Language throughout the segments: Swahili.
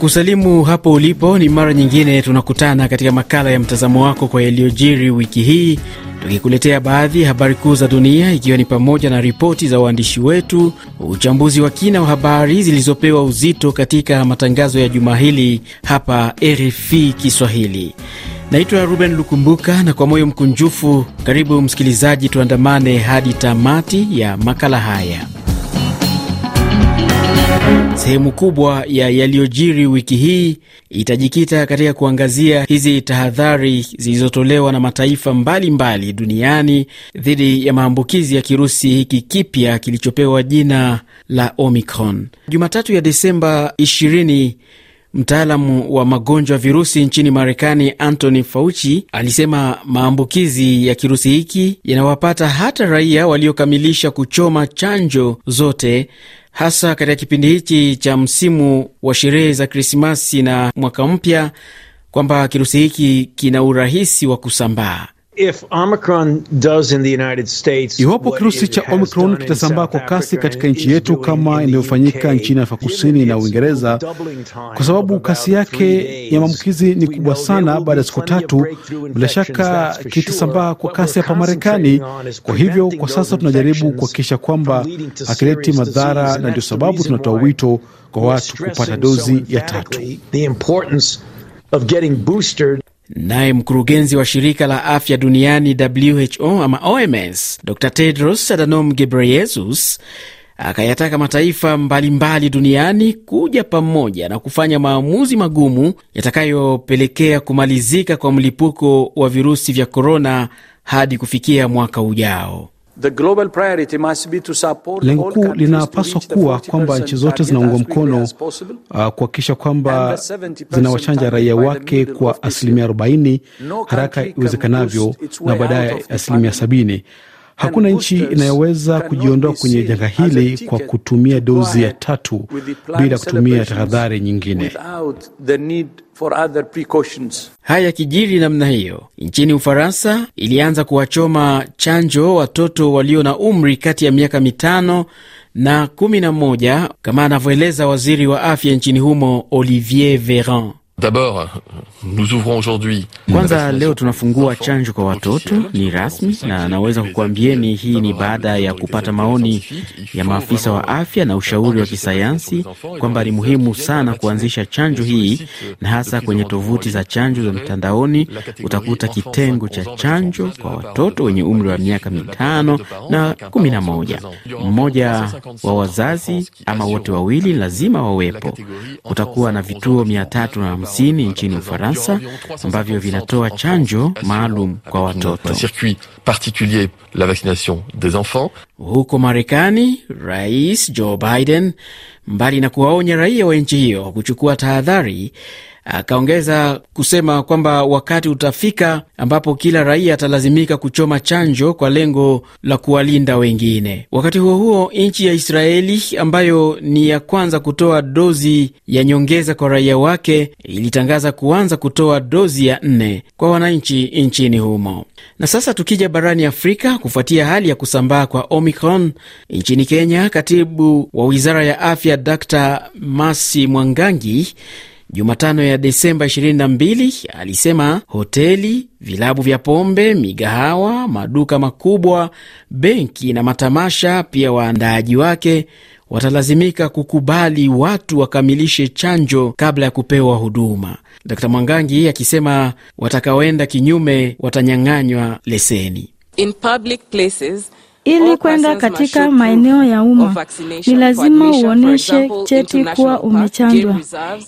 kusalimu hapo ulipo, ni mara nyingine tunakutana katika makala ya mtazamo wako kwa yaliyojiri wiki hii, tukikuletea baadhi ya habari kuu za dunia, ikiwa ni pamoja na ripoti za waandishi wetu, uchambuzi wa kina wa habari zilizopewa uzito katika matangazo ya juma hili hapa RFI Kiswahili. Naitwa Ruben Lukumbuka, na kwa moyo mkunjufu karibu msikilizaji, tuandamane hadi tamati ya makala haya. Sehemu kubwa ya yaliyojiri wiki hii itajikita katika kuangazia hizi tahadhari zilizotolewa na mataifa mbalimbali mbali duniani dhidi ya maambukizi ya kirusi hiki kipya kilichopewa jina la Omicron. Jumatatu ya Desemba 20 Mtaalamu wa magonjwa virusi nchini Marekani, Anthony Fauci, alisema maambukizi ya kirusi hiki yanawapata hata raia waliokamilisha kuchoma chanjo zote hasa katika kipindi hichi cha msimu wa sherehe za Krismasi na mwaka mpya, kwamba kirusi hiki kina urahisi wa kusambaa. Iwapo kirusi cha Omicron kitasambaa kwa kasi katika nchi yetu kama inavyofanyika nchini Afrika Kusini na Uingereza, kwa sababu kasi yake ya maambukizi ni kubwa sana baada ya siku tatu, bila shaka kitasambaa kwa kasi hapa Marekani. Kwa hivyo, kwa sasa tunajaribu kuhakikisha kwamba hakileti madhara, na ndio sababu tunatoa wito kwa watu kupata dozi ya tatu. Naye mkurugenzi wa shirika la afya duniani WHO ama OMS Dr Tedros Adhanom Ghebreyesus akayataka mataifa mbalimbali mbali duniani kuja pamoja na kufanya maamuzi magumu yatakayopelekea kumalizika kwa mlipuko wa virusi vya korona hadi kufikia mwaka ujao. Lengo kuu linapaswa kuwa kwamba nchi zote zinaungwa mkono uh, kuhakikisha kwamba zinawachanja raia wake kwa asilimia 40 haraka iwezekanavyo, na baadaye asilimia sabini. Hakuna nchi inayoweza kujiondoa kwenye janga hili kwa kutumia dozi ya tatu bila kutumia tahadhari nyingine. Haya kijiri namna hiyo, nchini Ufaransa ilianza kuwachoma chanjo watoto walio na umri kati ya miaka mitano na kumi na moja, kama anavyoeleza waziri wa afya nchini humo Olivier Veran. Kwanza leo tunafungua chanjo kwa watoto, ni rasmi, na naweza kukuambieni hii ni baada ya kupata maoni ya maafisa wa afya na ushauri wa kisayansi kwamba ni muhimu sana kuanzisha chanjo hii, na hasa kwenye tovuti za chanjo za mtandaoni utakuta kitengo cha chanjo kwa watoto wenye umri wa miaka mitano na kumi na moja. Mmoja wa wazazi ama wote wawili lazima wawepo. Kutakuwa na vituo mia tatu na kusini nchini Ufaransa ambavyo vinatoa chanjo maalum kwa watoto. Huko Marekani, Rais Joe Biden, mbali na kuwaonya raia wa nchi hiyo kuchukua tahadhari Akaongeza kusema kwamba wakati utafika ambapo kila raia atalazimika kuchoma chanjo kwa lengo la kuwalinda wengine. Wakati huo huo, nchi ya Israeli ambayo ni ya kwanza kutoa dozi ya nyongeza kwa raia wake ilitangaza kuanza kutoa dozi ya nne kwa wananchi nchini humo. Na sasa tukija barani Afrika, kufuatia hali ya kusambaa kwa Omicron nchini Kenya, katibu wa wizara ya afya Dr Masi Mwangangi Jumatano ya Desemba 22 alisema hoteli, vilabu vya pombe, migahawa, maduka makubwa, benki na matamasha, pia waandaaji wake watalazimika kukubali watu wakamilishe chanjo kabla ya kupewa huduma. Dkt Mwangangi akisema watakaoenda kinyume watanyang'anywa leseni In public places. Ili kwenda katika maeneo ya umma ni lazima uoneshe cheti kuwa umechanjwa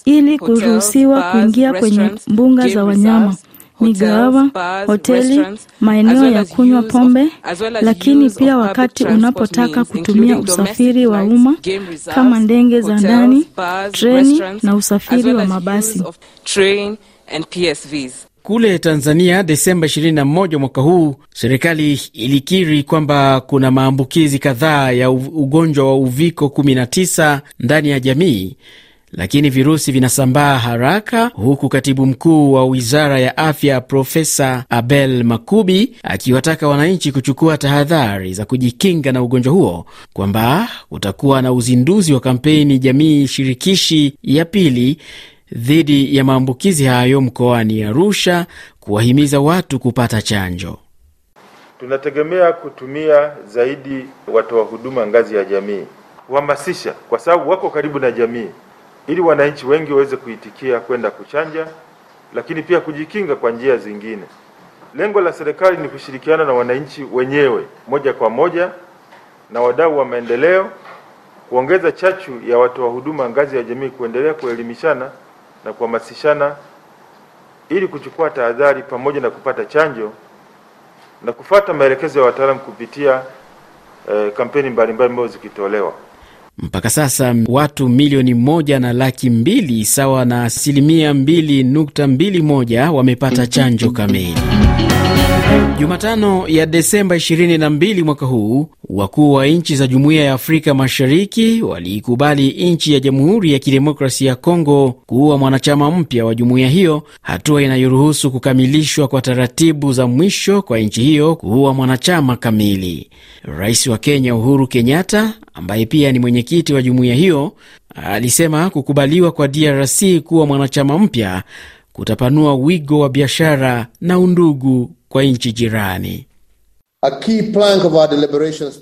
ili kuruhusiwa kuingia kwenye mbuga za wanyama, migahawa, hoteli, maeneo ya kunywa pombe, lakini pia wakati unapotaka kutumia usafiri wa umma kama ndege za ndani, treni na usafiri wa mabasi. Kule Tanzania, Desemba 21 mwaka huu, serikali ilikiri kwamba kuna maambukizi kadhaa ya ugonjwa wa uviko 19 ndani ya jamii, lakini virusi vinasambaa haraka, huku katibu mkuu wa wizara ya afya Profesa Abel Makubi akiwataka wananchi kuchukua tahadhari za kujikinga na ugonjwa huo, kwamba kutakuwa na uzinduzi wa kampeni jamii shirikishi ya pili dhidi ya maambukizi hayo mkoani Arusha kuwahimiza watu kupata chanjo. Tunategemea kutumia zaidi watoa huduma ngazi ya jamii kuhamasisha, kwa sababu wako karibu na jamii, ili wananchi wengi waweze kuitikia kwenda kuchanja, lakini pia kujikinga kwa njia zingine. Lengo la serikali ni kushirikiana na wananchi wenyewe moja kwa moja na wadau wa maendeleo kuongeza chachu ya watoa huduma ngazi ya jamii kuendelea kuelimishana na kuhamasishana ili kuchukua tahadhari pamoja na kupata chanjo na kufata maelekezo ya wataalamu kupitia eh, kampeni mbalimbali ambazo zikitolewa. Mpaka sasa watu milioni moja na laki mbili sawa na asilimia 221 moja wamepata chanjo kamili. Jumatano ya Desemba 22 mwaka huu, wakuu wa nchi za Jumuiya ya Afrika Mashariki waliikubali nchi ya Jamhuri ya Kidemokrasia ya Kongo kuwa mwanachama mpya wa jumuiya hiyo, hatua inayoruhusu kukamilishwa kwa taratibu za mwisho kwa nchi hiyo kuwa mwanachama kamili. Rais wa Kenya Uhuru Kenyatta, ambaye pia ni mwenyekiti wa jumuiya hiyo, alisema kukubaliwa kwa DRC kuwa mwanachama mpya kutapanua wigo wa biashara na undugu kwa nchi jirani.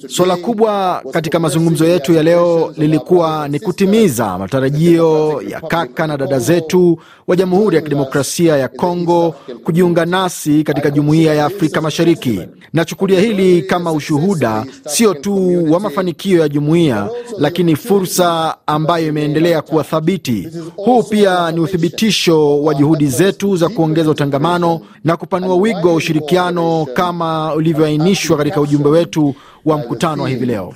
Suala kubwa katika mazungumzo yetu ya leo lilikuwa ni kutimiza matarajio ya kaka na dada zetu wa Jamhuri ya Kidemokrasia ya Kongo kujiunga nasi katika Jumuiya ya Afrika Mashariki. Nachukulia hili kama ushuhuda sio tu wa mafanikio ya jumuiya, lakini fursa ambayo imeendelea kuwa thabiti. Huu pia ni uthibitisho wa juhudi zetu za kuongeza utangamano na kupanua wigo wa ushirikiano kama ulivyoainia kuidhinishwa katika ujumbe wetu wa mkutano wa hivi leo.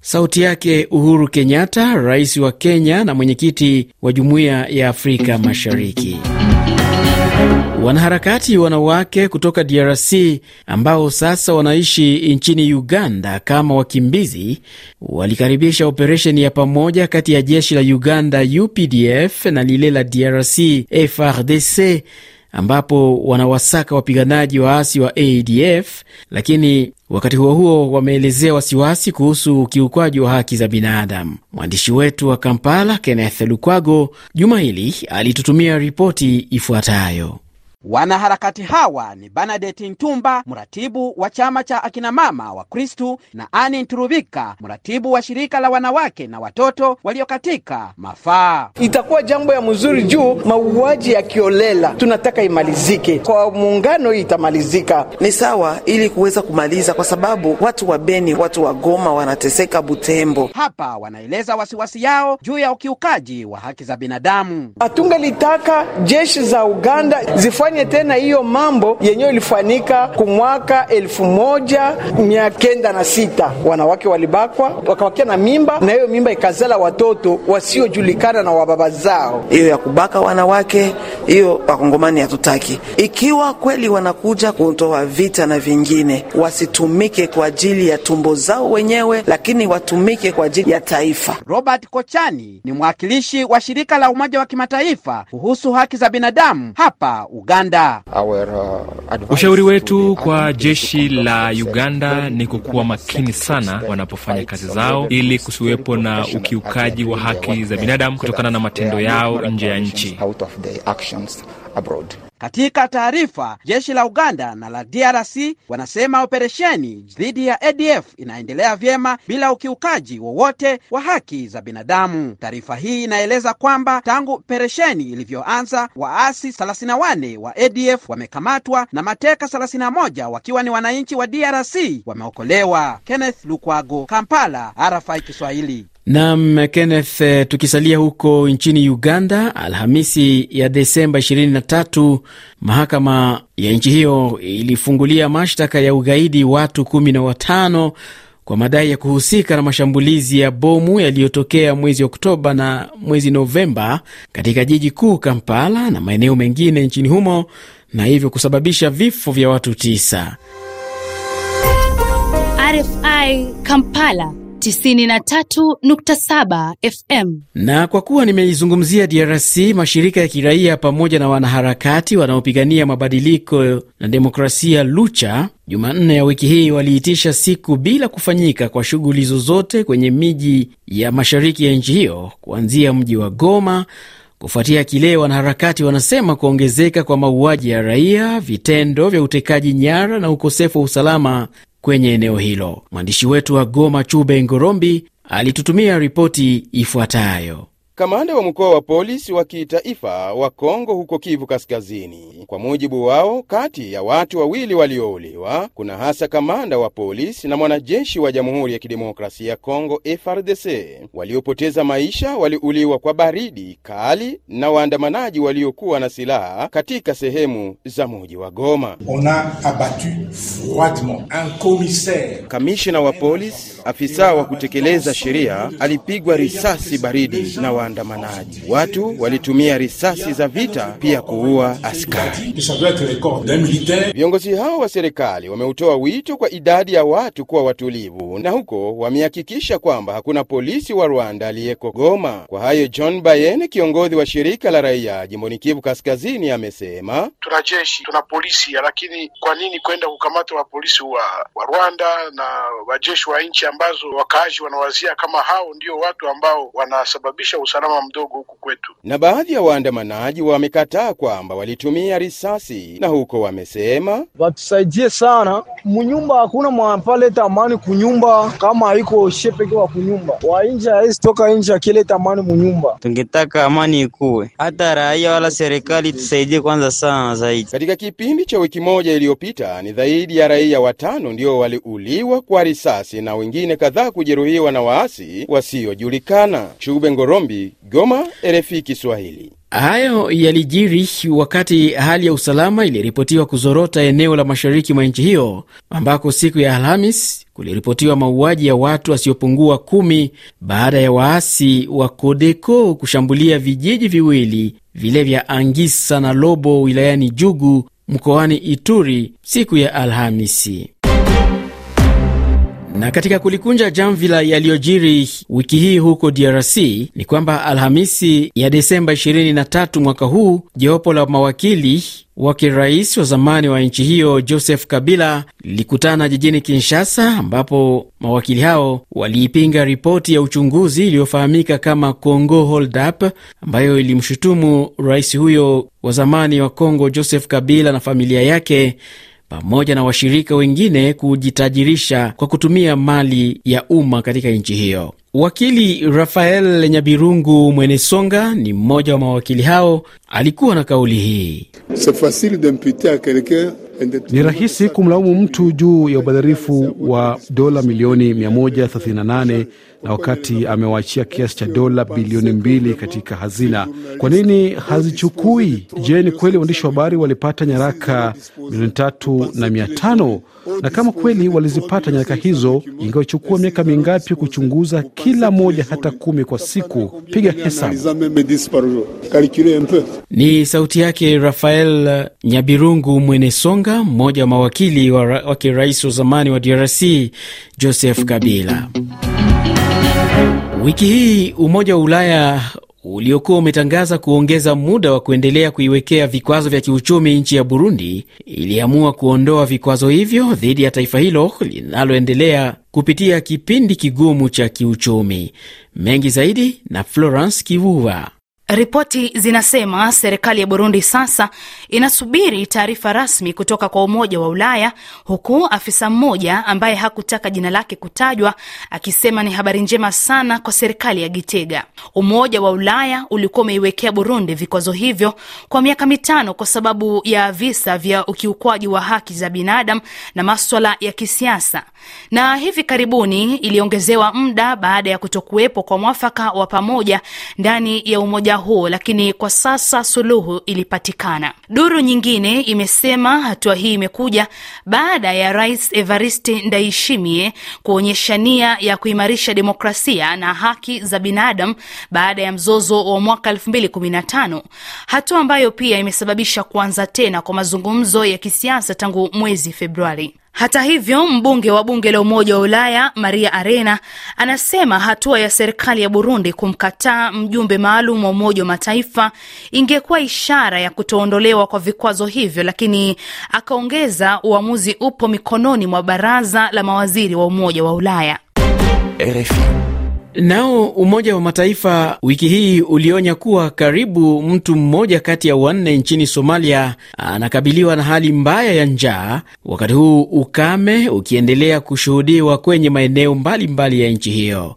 Sauti yake Uhuru Kenyatta, rais wa Kenya na mwenyekiti wa Jumuiya ya Afrika Mashariki. Wanaharakati wanawake kutoka DRC ambao sasa wanaishi nchini Uganda kama wakimbizi walikaribisha operesheni ya pamoja kati ya jeshi la Uganda UPDF na lile la DRC FARDC ambapo wanawasaka wapiganaji waasi wa ADF, lakini wakati huo huo wameelezea wasiwasi kuhusu ukiukwaji wa haki za binadamu. Mwandishi wetu wa Kampala, Kenneth Lukwago, juma hili alitutumia ripoti ifuatayo. Wanaharakati hawa ni Bernadette Ntumba, mratibu wa chama cha akinamama wa Kristu, na ani Nturubika, mratibu wa shirika la wanawake na watoto walio katika mafaa. Itakuwa jambo ya mzuri juu mauaji ya kiolela tunataka imalizike kwa muungano, hii itamalizika ni sawa, ili kuweza kumaliza, kwa sababu watu wa Beni, watu wa Goma wanateseka Butembo. Hapa wanaeleza wasiwasi yao juu ya ukiukaji wa haki za binadamu. Hatungelitaka jeshi za Uganda zifanye tufanye tena hiyo mambo yenyewe ilifanyika kumwaka elfu moja mia kenda na sita. Wanawake walibakwa wakawakia na mimba, na hiyo mimba ikazala watoto wasiojulikana na wababa zao. Hiyo ya kubaka wanawake, hiyo wakongomani hatutaki. Ikiwa kweli wanakuja kutoa vita na vingine, wasitumike kwa ajili ya tumbo zao wenyewe, lakini watumike kwa ajili ya taifa. Robert Kochani ni mwakilishi wa shirika la Umoja wa Kimataifa kuhusu haki za binadamu hapa Uganda. Uganda. Uh, Ushauri wetu kwa jeshi la Uganda ni kukuwa makini sana wanapofanya kazi zao, ili kusiwepo na ukiukaji wa haki za binadamu kutokana na matendo yao nje ya nchi. Katika taarifa, jeshi la Uganda na la DRC wanasema operesheni dhidi ya ADF inaendelea vyema bila ukiukaji wowote wa haki za binadamu. Taarifa hii inaeleza kwamba tangu operesheni ilivyoanza, waasi 34 wa ADF wamekamatwa na mateka 31 wakiwa ni wananchi wa DRC wameokolewa. Kenneth Lukwago, Kampala, RFI Kiswahili. Nam Kenneth, eh, tukisalia huko nchini Uganda, Alhamisi ya Desemba 23 mahakama ya nchi hiyo ilifungulia mashtaka ya ugaidi watu 15 kwa madai ya kuhusika na mashambulizi ya bomu yaliyotokea mwezi Oktoba na mwezi Novemba katika jiji kuu Kampala na maeneo mengine nchini humo na hivyo kusababisha vifo vya watu 9 RFI Kampala 93.7 FM. Na kwa kuwa nimeizungumzia DRC, mashirika ya kiraia pamoja na wanaharakati wanaopigania mabadiliko na demokrasia Lucha, Jumanne ya wiki hii waliitisha siku bila kufanyika kwa shughuli zozote kwenye miji ya mashariki ya nchi hiyo kuanzia mji wa Goma kufuatia kile wanaharakati wanasema kuongezeka kwa mauaji ya raia, vitendo vya utekaji nyara na ukosefu wa usalama kwenye eneo hilo. Mwandishi wetu wa Goma, Chube Ngorombi, alitutumia ripoti ifuatayo. Kamanda wa mkoa wa polisi wa kitaifa wa Kongo huko Kivu Kaskazini. Kwa mujibu wao, kati ya watu wawili waliouliwa kuna hasa kamanda wa polisi na mwanajeshi wa Jamhuri ya Kidemokrasia ya Kongo FRDC. Waliopoteza maisha waliuliwa kwa baridi kali na waandamanaji waliokuwa na silaha katika sehemu za muji wa Goma. Kamishina wa polisi, afisa wa kutekeleza sheria, alipigwa risasi baridi na wa waandamanaji. Watu walitumia risasi za vita pia kuua askari. Viongozi hao wa serikali wameutoa wito kwa idadi ya watu kuwa watulivu, na huko wamehakikisha kwamba hakuna polisi wa Rwanda aliyeko Goma. Kwa hayo, John Bayen, kiongozi wa shirika la raia jimboni Kivu Kaskazini, amesema tuna jeshi, tuna polisi, lakini kwa nini kwenda kukamata wapolisi wa, wa Rwanda na wajeshi wa nchi ambazo wakaaji wanawazia kama hao ndio watu ambao wanasababisha usalama usalama mdogo huku kwetu. Na baadhi ya waandamanaji wamekataa kwamba walitumia risasi, na huko wamesema watusaidie sana munyumba, hakuna mwanapaleta amani kunyumba kama haiko shepeke wa kunyumba wa inja hawezi toka nje akileta amani munyumba. Tungetaka amani ikuwe, hata raia wala serikali tusaidie kwanza sana zaidi. Katika kipindi cha wiki moja iliyopita, ni zaidi ya raia watano ndio waliuliwa kwa risasi na wengine kadhaa kujeruhiwa na waasi wasiojulikana. Chube Ngorombi Goma, RFI Kiswahili. Hayo yalijiri wakati hali ya usalama iliripotiwa kuzorota eneo la mashariki mwa nchi hiyo ambako siku ya Alhamis kuliripotiwa mauaji ya watu wasiopungua kumi baada ya waasi wa Kodeko kushambulia vijiji viwili vile vya Angisa na Lobo wilayani Jugu mkoani Ituri siku ya Alhamisi. Na katika kulikunja jamvila yaliyojiri wiki hii huko DRC ni kwamba Alhamisi ya Desemba 23 mwaka huu, jopo la mawakili wake rais wa zamani wa nchi hiyo Joseph Kabila lilikutana jijini Kinshasa, ambapo mawakili hao waliipinga ripoti ya uchunguzi iliyofahamika kama Congo holdup ambayo ilimshutumu rais huyo wa zamani wa congo Joseph Kabila na familia yake pamoja na washirika wengine kujitajirisha kwa kutumia mali ya umma katika nchi hiyo. Wakili Rafael Nyabirungu Mwenesonga ni mmoja wa mawakili hao, alikuwa na kauli hii. Ni rahisi kumlaumu mtu juu ya ubadhirifu wa dola milioni 138 na wakati amewaachia kiasi cha dola bilioni mbili katika hazina. Kwa nini hazichukui? Je, ni kweli waandishi wa habari walipata nyaraka milioni tatu na mia tano? Na kama kweli walizipata nyaraka hizo, ingewachukua miaka mingapi kuchunguza kila moja, hata kumi kwa siku? Piga hesabu. Ni sauti yake Rafael Nyabirungu Mwenesonga, mmoja wa mawakili wake rais wa zamani wa DRC Joseph Kabila. Wiki hii Umoja wa Ulaya uliokuwa umetangaza kuongeza muda wa kuendelea kuiwekea vikwazo vya kiuchumi nchi ya Burundi iliamua kuondoa vikwazo hivyo dhidi ya taifa hilo linaloendelea kupitia kipindi kigumu cha kiuchumi. Mengi zaidi na Florence Kivuva. Ripoti zinasema serikali ya Burundi sasa inasubiri taarifa rasmi kutoka kwa Umoja wa Ulaya, huku afisa mmoja ambaye hakutaka jina lake kutajwa akisema ni habari njema sana kwa serikali ya Gitega. Umoja wa Ulaya ulikuwa umeiwekea Burundi vikwazo hivyo kwa miaka mitano kwa sababu ya visa vya ukiukwaji wa haki za binadamu na maswala ya kisiasa, na hivi karibuni iliongezewa muda baada ya kutokuwepo kwa mwafaka wa pamoja ndani ya umoja huo huu, lakini kwa sasa suluhu ilipatikana. Duru nyingine imesema hatua hii imekuja baada ya Rais Evariste ndaishimie kuonyesha nia ya kuimarisha demokrasia na haki za binadam baada ya mzozo wa mwaka 215 hatua ambayo pia imesababisha kuanza tena kwa mazungumzo ya kisiasa tangu mwezi Februari. Hata hivyo, mbunge wa bunge la Umoja wa Ulaya Maria Arena anasema hatua ya serikali ya Burundi kumkataa mjumbe maalum wa Umoja wa Mataifa ingekuwa ishara ya kutoondolewa kwa vikwazo hivyo, lakini akaongeza uamuzi upo mikononi mwa baraza la mawaziri wa Umoja wa Ulaya. RFI. Nao Umoja wa Mataifa wiki hii ulionya kuwa karibu mtu mmoja kati ya wanne nchini Somalia anakabiliwa na hali mbaya ya njaa, wakati huu ukame ukiendelea kushuhudiwa kwenye maeneo mbalimbali mbali ya nchi hiyo.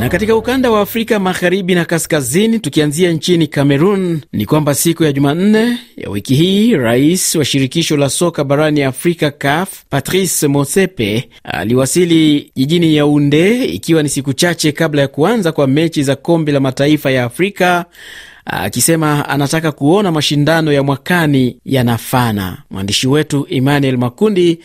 Na katika ukanda wa Afrika magharibi na kaskazini, tukianzia nchini cameroon ni kwamba siku ya Jumanne ya wiki hii rais wa shirikisho la soka barani Afrika CAF Patrice Motsepe aliwasili jijini Yaunde, ikiwa ni siku chache kabla ya kuanza kwa mechi za kombe la mataifa ya Afrika, akisema anataka kuona mashindano ya mwakani yanafana. Mwandishi wetu Emmanuel Makundi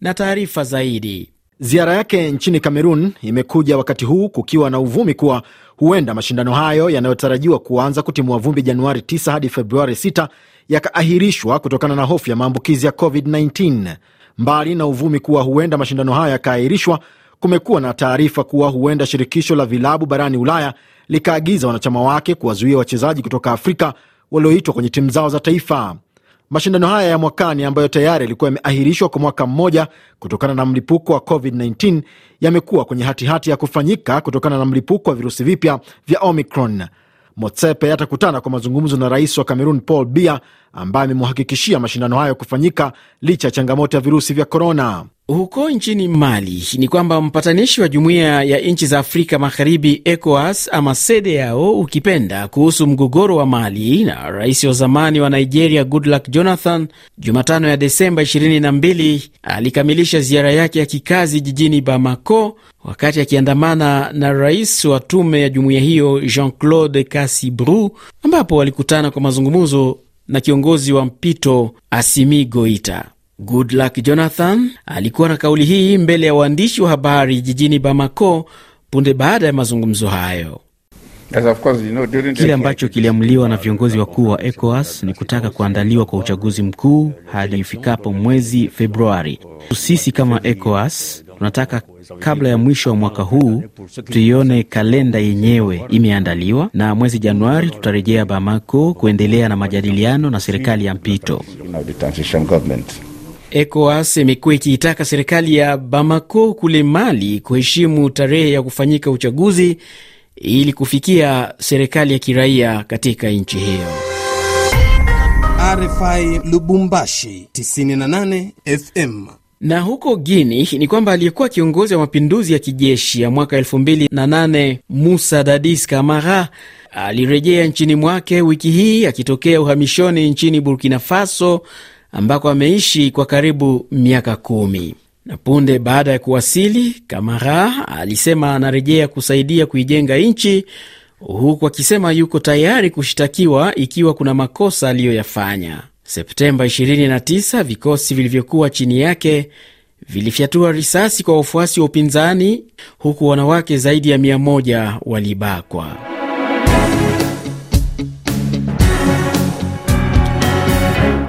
na taarifa zaidi. Ziara yake nchini Kamerun imekuja wakati huu kukiwa na uvumi kuwa huenda mashindano hayo yanayotarajiwa kuanza kutimua vumbi Januari 9 hadi Februari 6 yakaahirishwa kutokana na hofu ya maambukizi ya COVID-19. Mbali na uvumi kuwa huenda mashindano hayo yakaahirishwa, kumekuwa na taarifa kuwa huenda shirikisho la vilabu barani Ulaya likaagiza wanachama wake kuwazuia wachezaji kutoka Afrika walioitwa kwenye timu zao za taifa. Mashindano haya ya mwakani ambayo tayari yalikuwa yameahirishwa kwa mwaka mmoja kutokana na mlipuko wa COVID-19 yamekuwa kwenye hatihati hati ya kufanyika kutokana na mlipuko wa virusi vipya vya Omicron. Motsepe atakutana kwa mazungumzo na rais wa Cameroon Paul Biya ambaye amemhakikishia mashindano hayo kufanyika licha ya changamoto ya virusi vya korona. Huko nchini Mali ni kwamba mpatanishi wa jumuiya ya nchi za Afrika Magharibi, ECOWAS ama CEDEAO ukipenda, kuhusu mgogoro wa Mali na rais wa zamani wa Nigeria Goodluck Jonathan, Jumatano ya Desemba 22 alikamilisha ziara yake ya kikazi jijini Bamako wakati akiandamana na rais wa tume ya jumuiya hiyo Jean-Claude casibru ambapo walikutana kwa mazungumzo na kiongozi wa mpito asimi Goita. Goodluck Jonathan alikuwa na kauli hii mbele ya waandishi wa habari jijini Bamako punde baada ya mazungumzo hayo. Kile ambacho kiliamuliwa na viongozi wakuu wa ECOWAS ni kutaka kuandaliwa kwa uchaguzi mkuu hadi ifikapo mwezi Februari. Sisi kama ECOWAS tunataka kabla ya mwisho wa mwaka huu tuione kalenda yenyewe imeandaliwa, na mwezi Januari tutarejea Bamako kuendelea na majadiliano na serikali ya mpito. ECOWAS imekuwa ikiitaka serikali ya Bamako kule Mali kuheshimu tarehe ya kufanyika uchaguzi ili kufikia serikali ya kiraia katika nchi hiyo. RFI Lubumbashi 98 FM. Na huko Guini ni kwamba aliyekuwa kiongozi wa mapinduzi ya kijeshi ya mwaka 2008 Musa Dadis Kamara alirejea nchini mwake wiki hii akitokea uhamishoni nchini Burkina Faso ambako ameishi kwa karibu miaka kumi. Na punde baada ya kuwasili, Kamara alisema anarejea kusaidia kuijenga nchi, huku akisema yuko tayari kushitakiwa ikiwa kuna makosa aliyoyafanya. Septemba 29 vikosi vilivyokuwa chini yake vilifyatua risasi kwa wafuasi wa upinzani, huku wanawake zaidi ya 1 walibakwa.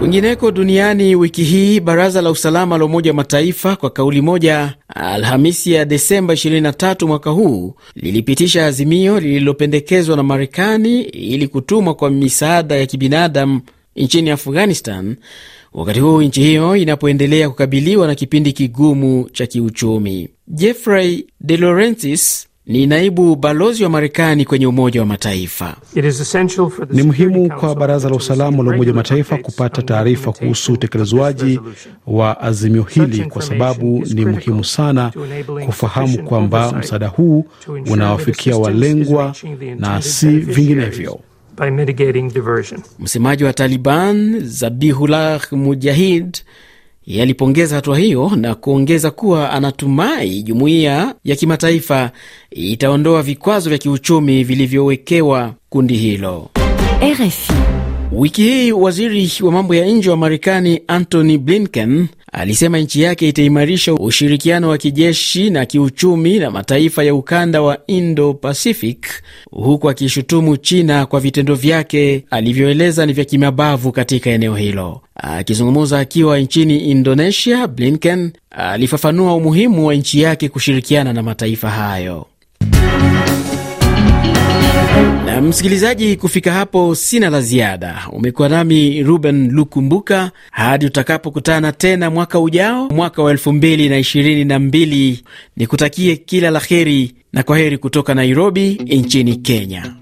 Kwingineko duniani wiki hii, baraza la usalama la Umoja wa Mataifa kwa kauli moja Alhamisi ya Desemba 23 mwaka huu lilipitisha azimio lililopendekezwa na Marekani ili kutumwa kwa misaada ya kibinadamu nchini Afghanistan, wakati huu nchi hiyo inapoendelea kukabiliwa na kipindi kigumu cha kiuchumi. Jeffrey De Laurentis ni naibu balozi wa Marekani kwenye Umoja wa Mataifa. Ni muhimu kwa Baraza la Usalama la Umoja wa Mataifa kupata taarifa kuhusu utekelezwaji wa azimio hili, kwa sababu ni muhimu sana kufahamu kwamba msaada huu unawafikia walengwa na si vinginevyo. Msemaji wa Taliban Zabihullah Mujahid yalipongeza hatua hiyo na kuongeza kuwa anatumai jumuiya ya kimataifa itaondoa vikwazo vya kiuchumi vilivyowekewa kundi hilo. RFI. Wiki hii waziri wa mambo ya nje wa Marekani Antony Blinken alisema nchi yake itaimarisha ushirikiano wa kijeshi na kiuchumi na mataifa ya ukanda wa Indo-Pacific, huku akishutumu China kwa vitendo vyake alivyoeleza ni vya kimabavu katika eneo hilo. Akizungumza akiwa nchini Indonesia, Blinken alifafanua umuhimu wa nchi yake kushirikiana na mataifa hayo. Na msikilizaji, kufika hapo sina la ziada. Umekuwa nami Ruben Lukumbuka hadi utakapokutana tena mwaka ujao, mwaka wa elfu mbili na ishirini na mbili. Nikutakie kila la heri na kwa heri kutoka Nairobi nchini Kenya.